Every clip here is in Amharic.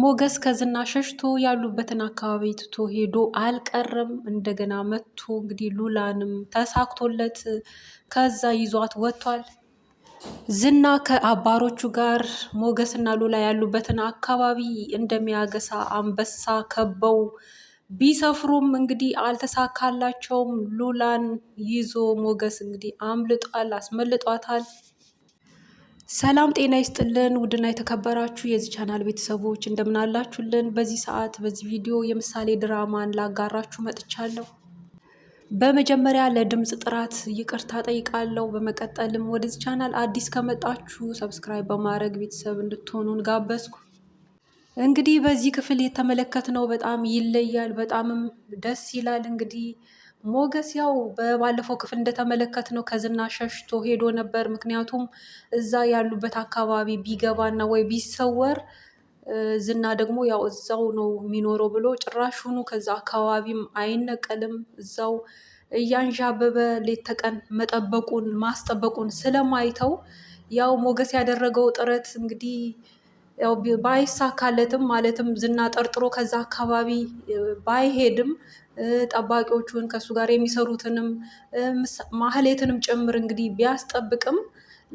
ሞገስ ከዝና ሸሽቶ ያሉበትን አካባቢ ትቶ ሄዶ አልቀረም። እንደገና መጥቶ እንግዲህ ሉላንም ተሳክቶለት ከዛ ይዟት ወጥቷል። ዝና ከአባሮቹ ጋር ሞገስና ሉላ ያሉበትን አካባቢ እንደሚያገሳ አንበሳ ከበው ቢሰፍሩም እንግዲህ አልተሳካላቸውም። ሉላን ይዞ ሞገስ እንግዲህ አምልጧል፣ አስመልጧታል። ሰላም ጤና ይስጥልን ውድና የተከበራችሁ የዚህ ቻናል ቤተሰቦች እንደምን አላችሁልን? በዚህ ሰዓት በዚህ ቪዲዮ የምሳሌ ድራማን ላጋራችሁ መጥቻለሁ። በመጀመሪያ ለድምፅ ጥራት ይቅርታ ጠይቃለሁ። በመቀጠልም ወደዚህ ቻናል አዲስ ከመጣችሁ ሰብስክራይብ በማድረግ ቤተሰብ እንድትሆኑን ጋበዝኩ። እንግዲህ በዚህ ክፍል የተመለከትነው በጣም ይለያል፣ በጣምም ደስ ይላል። እንግዲህ ሞገስ ያው በባለፈው ክፍል እንደተመለከት ነው ከዝና ሸሽቶ ሄዶ ነበር። ምክንያቱም እዛ ያሉበት አካባቢ ቢገባና ወይ ቢሰወር ዝና ደግሞ ያው እዛው ነው የሚኖረው ብሎ ጭራሹኑ ከዛ አካባቢም አይነቀልም እዛው እያንዣበበ ሌት ተቀን መጠበቁን ማስጠበቁን ስለማይተው ያው ሞገስ ያደረገው ጥረት እንግዲህ ያው ባይሳካለትም ማለትም ዝና ጠርጥሮ ከዛ አካባቢ ባይሄድም ጠባቂዎቹን ከእሱ ጋር የሚሰሩትንም ማህሌትንም ጭምር እንግዲህ ቢያስጠብቅም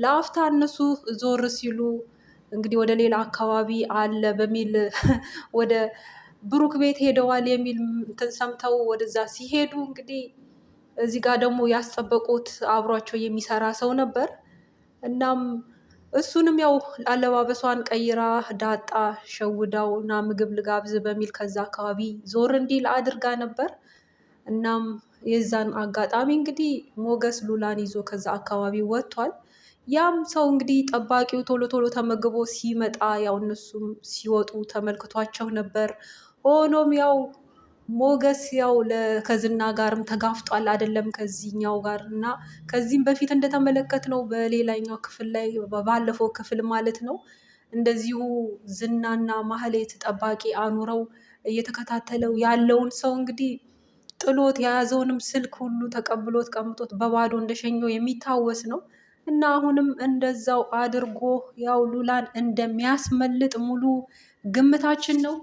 ለአፍታ እነሱ ዞር ሲሉ እንግዲህ ወደ ሌላ አካባቢ አለ በሚል ወደ ብሩክ ቤት ሄደዋል የሚል እንትን ሰምተው ወደዛ ሲሄዱ እንግዲህ እዚህ ጋር ደግሞ ያስጠበቁት አብሯቸው የሚሰራ ሰው ነበር። እናም እሱንም ያው አለባበሷን ቀይራ ዳጣ ሸውዳው እና ምግብ ልጋብዝ በሚል ከዛ አካባቢ ዞር እንዲል አድርጋ ነበር። እናም የዛን አጋጣሚ እንግዲህ ሞገስ ሉላን ይዞ ከዛ አካባቢ ወጥቷል። ያም ሰው እንግዲህ ጠባቂው ቶሎ ቶሎ ተመግቦ ሲመጣ ያው እነሱም ሲወጡ ተመልክቷቸው ነበር። ሆኖም ያው ሞገስ ያው ከዝና ጋርም ተጋፍጧል አይደለም ከዚህኛው ጋር እና ከዚህም በፊት እንደተመለከት ነው በሌላኛው ክፍል ላይ ባለፈው ክፍል ማለት ነው እንደዚሁ ዝናና ማህሌት ጠባቂ አኑረው እየተከታተለው ያለውን ሰው እንግዲህ ጥሎት የያዘውንም ስልክ ሁሉ ተቀብሎት ቀምጦት በባዶ እንደሸኘው የሚታወስ ነው እና አሁንም እንደዛው አድርጎ ያው ሉላን እንደሚያስመልጥ ሙሉ ግምታችን ነው።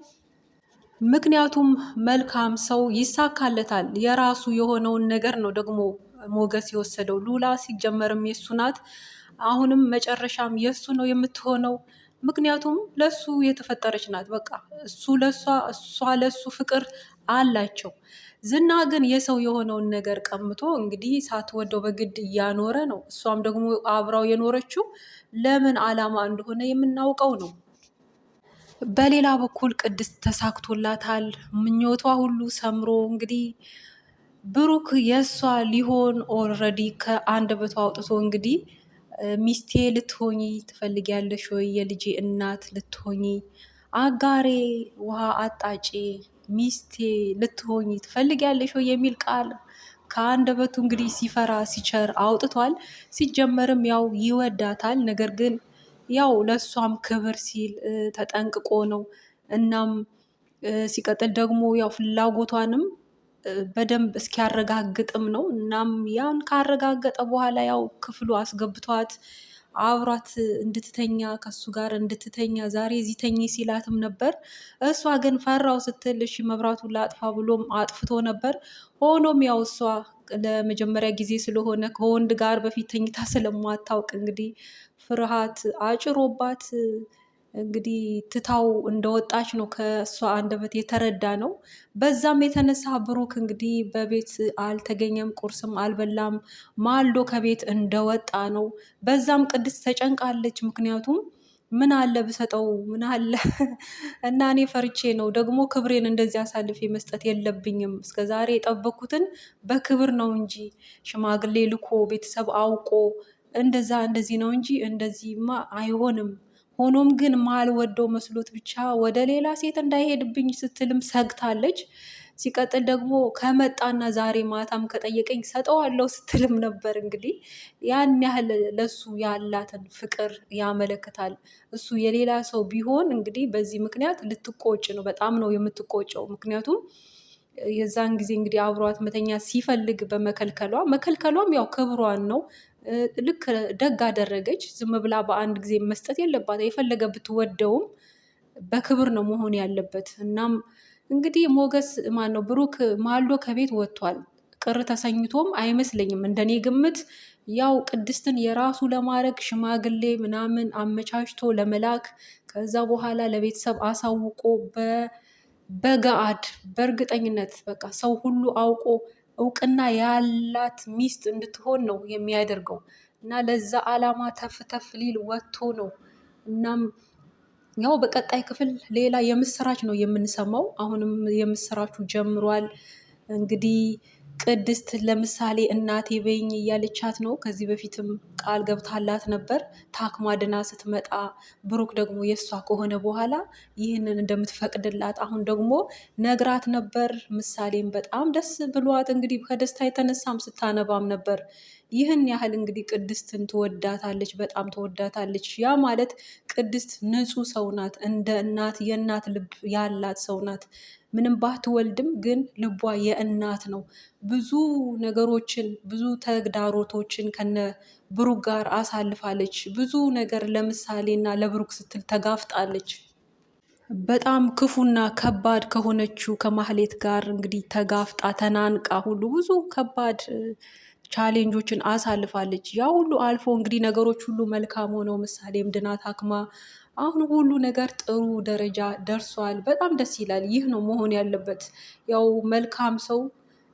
ምክንያቱም መልካም ሰው ይሳካለታል። የራሱ የሆነውን ነገር ነው ደግሞ ሞገስ የወሰደው። ሉላ ሲጀመርም የሱ ናት። አሁንም መጨረሻም የሱ ነው የምትሆነው። ምክንያቱም ለሱ የተፈጠረች ናት። በቃ እሱ ለሷ፣ እሷ ለሱ ፍቅር አላቸው። ዝና ግን የሰው የሆነውን ነገር ቀምቶ እንግዲህ ሳትወደው በግድ እያኖረ ነው። እሷም ደግሞ አብራው የኖረችው ለምን ዓላማ እንደሆነ የምናውቀው ነው። በሌላ በኩል ቅድስት ተሳክቶላታል። ምኞቷ ሁሉ ሰምሮ እንግዲህ ብሩክ የእሷ ሊሆን ኦልሬዲ በቱ አውጥቶ እንግዲህ ሚስቴ ልትሆኚ ትፈልጊያለሽ ወይ? የልጄ እናት ልትሆኚ፣ አጋሬ፣ ውሃ አጣጬ፣ ሚስቴ ልትሆኚ ትፈልጊያለሽ ወይ የሚል ቃል ከአንድ በቱ እንግዲህ ሲፈራ ሲቸር አውጥቷል። ሲጀመርም ያው ይወዳታል ነገር ግን ያው ለእሷም ክብር ሲል ተጠንቅቆ ነው። እናም ሲቀጥል ደግሞ ያው ፍላጎቷንም በደንብ እስኪያረጋግጥም ነው። እናም ያን ካረጋገጠ በኋላ ያው ክፍሉ አስገብቷት አብሯት እንድትተኛ ከሱ ጋር እንድትተኛ ዛሬ እዚህ ተኝ ሲላትም ነበር። እሷ ግን ፈራው ስትል እሺ መብራቱን ላጥፋ ብሎም አጥፍቶ ነበር። ሆኖም ያው እሷ ለመጀመሪያ ጊዜ ስለሆነ ከወንድ ጋር በፊት ተኝታ ስለማታውቅ እንግዲህ ፍርሃት አጭሮባት እንግዲህ ትታው እንደወጣች ነው ከእሷ አንደበት የተረዳ ነው። በዛም የተነሳ ብሩክ እንግዲህ በቤት አልተገኘም፣ ቁርስም አልበላም፣ ማልዶ ከቤት እንደወጣ ነው። በዛም ቅድስት ተጨንቃለች። ምክንያቱም ምን አለ ብሰጠው ምን አለ እና እኔ ፈርቼ ነው ደግሞ ክብሬን እንደዚህ አሳልፌ መስጠት የለብኝም። እስከ ዛሬ የጠበኩትን በክብር ነው እንጂ ሽማግሌ ልኮ ቤተሰብ አውቆ እንደዛ እንደዚህ ነው እንጂ እንደዚህማ አይሆንም። ሆኖም ግን ማልወደው መስሎት ብቻ ወደ ሌላ ሴት እንዳይሄድብኝ ስትልም ሰግታለች። ሲቀጥል ደግሞ ከመጣና ዛሬ ማታም ከጠየቀኝ ሰጠዋለሁ ስትልም ነበር። እንግዲህ ያን ያህል ለሱ ያላትን ፍቅር ያመለክታል። እሱ የሌላ ሰው ቢሆን እንግዲህ በዚህ ምክንያት ልትቆጭ ነው፣ በጣም ነው የምትቆጨው። ምክንያቱም የዛን ጊዜ እንግዲህ አብሯት መተኛ ሲፈልግ በመከልከሏ መከልከሏም ያው ክብሯን ነው። ልክ ደግ አደረገች። ዝም ብላ በአንድ ጊዜ መስጠት የለባት። የፈለገ ብትወደውም በክብር ነው መሆን ያለበት እናም እንግዲህ ሞገስ ማን ነው ብሩክ ማሎ ከቤት ወጥቷል። ቅር ተሰኝቶም አይመስለኝም። እንደኔ ግምት ያው ቅድስትን የራሱ ለማድረግ ሽማግሌ ምናምን አመቻችቶ ለመላክ ከዛ በኋላ ለቤተሰብ አሳውቆ በገአድ በእርግጠኝነት በቃ ሰው ሁሉ አውቆ እውቅና ያላት ሚስት እንድትሆን ነው የሚያደርገው እና ለዛ ዓላማ ተፍ ተፍ ሊል ወጥቶ ነው እናም ያው በቀጣይ ክፍል ሌላ የምስራች ነው የምንሰማው። አሁንም የምስራቹ ጀምሯል እንግዲህ ቅድስት ለምሳሌ እናቴ በይኝ እያለቻት ነው። ከዚህ በፊትም ቃል ገብታላት ነበር። ታክማ ድና ስትመጣ ብሩክ ደግሞ የእሷ ከሆነ በኋላ ይህንን እንደምትፈቅድላት አሁን ደግሞ ነግራት ነበር። ምሳሌም በጣም ደስ ብሏት እንግዲህ ከደስታ የተነሳም ስታነባም ነበር። ይህን ያህል እንግዲህ ቅድስትን ትወዳታለች፣ በጣም ትወዳታለች። ያ ማለት ቅድስት ንጹህ ሰው ናት፣ እንደ እናት የእናት ልብ ያላት ሰው ናት። ምንም ባትወልድም ግን ልቧ የእናት ነው። ብዙ ነገሮችን ብዙ ተግዳሮቶችን ከነ ብሩክ ጋር አሳልፋለች። ብዙ ነገር ለምሳሌና ለብሩክ ስትል ተጋፍጣለች። በጣም ክፉና ከባድ ከሆነችው ከማህሌት ጋር እንግዲህ ተጋፍጣ ተናንቃ ሁሉ ብዙ ከባድ ቻሌንጆችን አሳልፋለች። ያ ሁሉ አልፎ እንግዲህ ነገሮች ሁሉ መልካም ሆነው ምሳሌም ድና ታክማ አሁን ሁሉ ነገር ጥሩ ደረጃ ደርሷል። በጣም ደስ ይላል። ይህ ነው መሆን ያለበት። ያው መልካም ሰው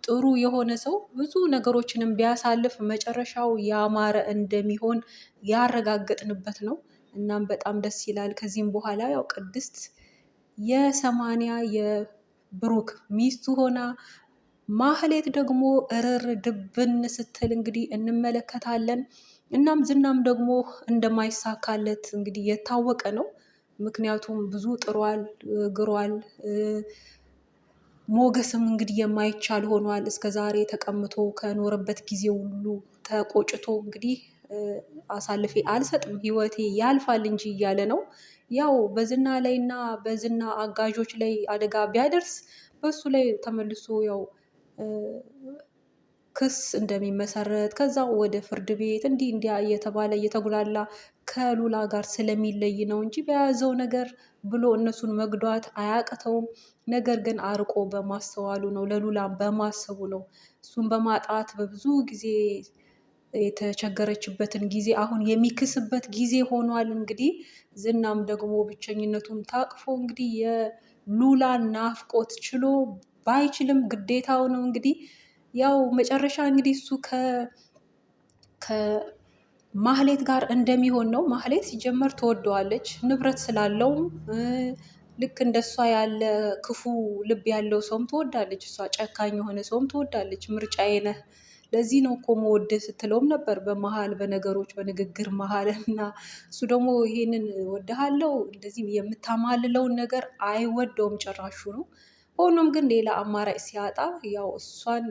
ጥሩ የሆነ ሰው ብዙ ነገሮችንም ቢያሳልፍ መጨረሻው ያማረ እንደሚሆን ያረጋገጥንበት ነው። እናም በጣም ደስ ይላል። ከዚህም በኋላ ያው ቅድስት የሰማንያ የብሩክ ሚስቱ ሆና ማህሌት ደግሞ እርር ድብን ስትል እንግዲህ እንመለከታለን። እናም ዝናም ደግሞ እንደማይሳካለት እንግዲህ የታወቀ ነው። ምክንያቱም ብዙ ጥሯል፣ ግሯል። ሞገስም እንግዲህ የማይቻል ሆኗል። እስከ ዛሬ ተቀምጦ ከኖረበት ጊዜ ሁሉ ተቆጭቶ እንግዲህ አሳልፌ አልሰጥም ህይወቴ ያልፋል እንጂ እያለ ነው። ያው በዝና ላይ እና በዝና አጋዦች ላይ አደጋ ቢያደርስ በሱ ላይ ተመልሶ ያው ክስ እንደሚመሰረት ከዛ ወደ ፍርድ ቤት እንዲህ እንዲያ እየተባለ እየተጉላላ ከሉላ ጋር ስለሚለይ ነው እንጂ በያዘው ነገር ብሎ እነሱን መግዷት አያቅተውም። ነገር ግን አርቆ በማስተዋሉ ነው፣ ለሉላ በማሰቡ ነው። እሱን በማጣት በብዙ ጊዜ የተቸገረችበትን ጊዜ አሁን የሚክስበት ጊዜ ሆኗል። እንግዲህ ዝናም ደግሞ ብቸኝነቱን ታቅፎ እንግዲህ የሉላን ናፍቆት ችሎ ባይችልም ግዴታው ነው እንግዲህ ያው መጨረሻ እንግዲህ እሱ ከማህሌት ጋር እንደሚሆን ነው። ማህሌት ሲጀመር ትወደዋለች፣ ንብረት ስላለውም ልክ እንደሷ ያለ ክፉ ልብ ያለው ሰውም ትወዳለች። እሷ ጨካኝ የሆነ ሰውም ትወዳለች። ምርጫዬ ነህ፣ ለዚህ ነው እኮ መወደ ስትለውም ነበር በመሀል በነገሮች በንግግር መሀል እና እሱ ደግሞ ይሄንን ወድሃለው እንደዚህ የምታማልለውን ነገር አይወደውም ጭራሹ ነው። ሆኖም ግን ሌላ አማራጭ ሲያጣ ያው እሷን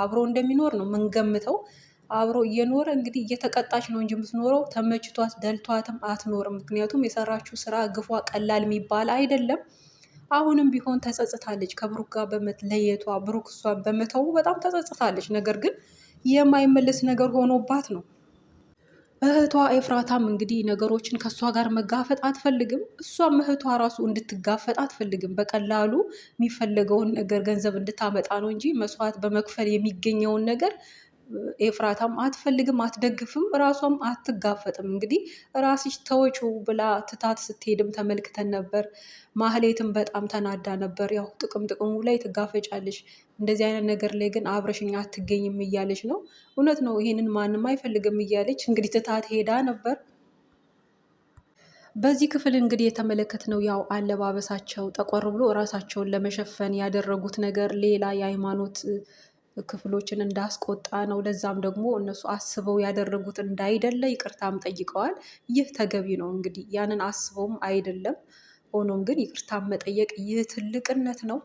አብሮ እንደሚኖር ነው የምንገምተው። አብሮ እየኖረ እንግዲህ እየተቀጣች ነው እንጂ የምትኖረው ተመችቷት ደልቷትም አትኖርም። ምክንያቱም የሰራችው ስራ ግፏ ቀላል የሚባል አይደለም። አሁንም ቢሆን ተጸጽታለች ከብሩክ ጋር በመለየቷ ብሩክ እሷን በመተው በጣም ተጸጽታለች። ነገር ግን የማይመለስ ነገር ሆኖባት ነው እህቷ ኤፍራታም እንግዲህ ነገሮችን ከእሷ ጋር መጋፈጥ አትፈልግም። እሷም እህቷ ራሱ እንድትጋፈጥ አትፈልግም። በቀላሉ የሚፈለገውን ነገር ገንዘብ እንድታመጣ ነው እንጂ መስዋዕት በመክፈል የሚገኘውን ነገር ኤፍራታም አትፈልግም፣ አትደግፍም፣ ራሷም አትጋፈጥም። እንግዲህ ራስሽ ተወጪው ብላ ትታት ስትሄድም ተመልክተን ነበር። ማህሌትም በጣም ተናዳ ነበር። ያው ጥቅም ጥቅሙ ላይ ትጋፈጫለሽ፣ እንደዚህ አይነት ነገር ላይ ግን አብረሽኝ አትገኝም እያለች ነው። እውነት ነው፣ ይሄንን ማንም አይፈልግም እያለች እንግዲህ ትታት ሄዳ ነበር። በዚህ ክፍል እንግዲህ የተመለከትነው ያው አለባበሳቸው ጠቆር ብሎ እራሳቸውን ለመሸፈን ያደረጉት ነገር ሌላ የሃይማኖት ክፍሎችን እንዳስቆጣ ነው። ለዛም ደግሞ እነሱ አስበው ያደረጉት እንዳይደለ ይቅርታም ጠይቀዋል። ይህ ተገቢ ነው። እንግዲህ ያንን አስበውም አይደለም። ሆኖም ግን ይቅርታም መጠየቅ ይህ ትልቅነት ነው።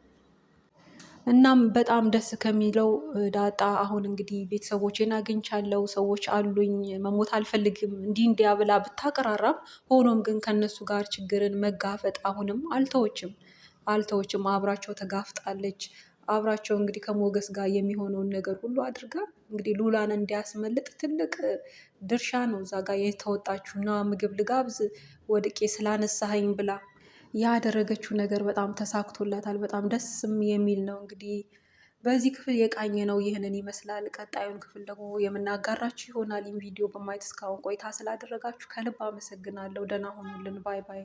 እናም በጣም ደስ ከሚለው ዳጣ አሁን እንግዲህ ቤተሰቦቼን አግኝቻለሁ፣ ሰዎች አሉኝ፣ መሞት አልፈልግም እንዲህ እንዲያ ብላ ብታቀራራም ሆኖም ግን ከነሱ ጋር ችግርን መጋፈጥ አሁንም አልተወችም አልተወችም አብራቸው ተጋፍጣለች። አብራቸው እንግዲህ ከሞገስ ጋር የሚሆነውን ነገር ሁሉ አድርጋ እንግዲህ ሉላን እንዲያስመልጥ ትልቅ ድርሻ ነው እዛ ጋር የተወጣችው። ና ምግብ ልጋብዝ ወድቄ ስላነሳኸኝ ብላ ያደረገችው ነገር በጣም ተሳክቶላታል። በጣም ደስ የሚል ነው። እንግዲህ በዚህ ክፍል የቃኘ ነው ይህንን ይመስላል። ቀጣዩን ክፍል ደግሞ የምናጋራችሁ ይሆናል። ይህን ቪዲዮ በማየት እስካሁን ቆይታ ስላደረጋችሁ ከልብ አመሰግናለሁ። ደህና ሆኑልን። ባይ ባይ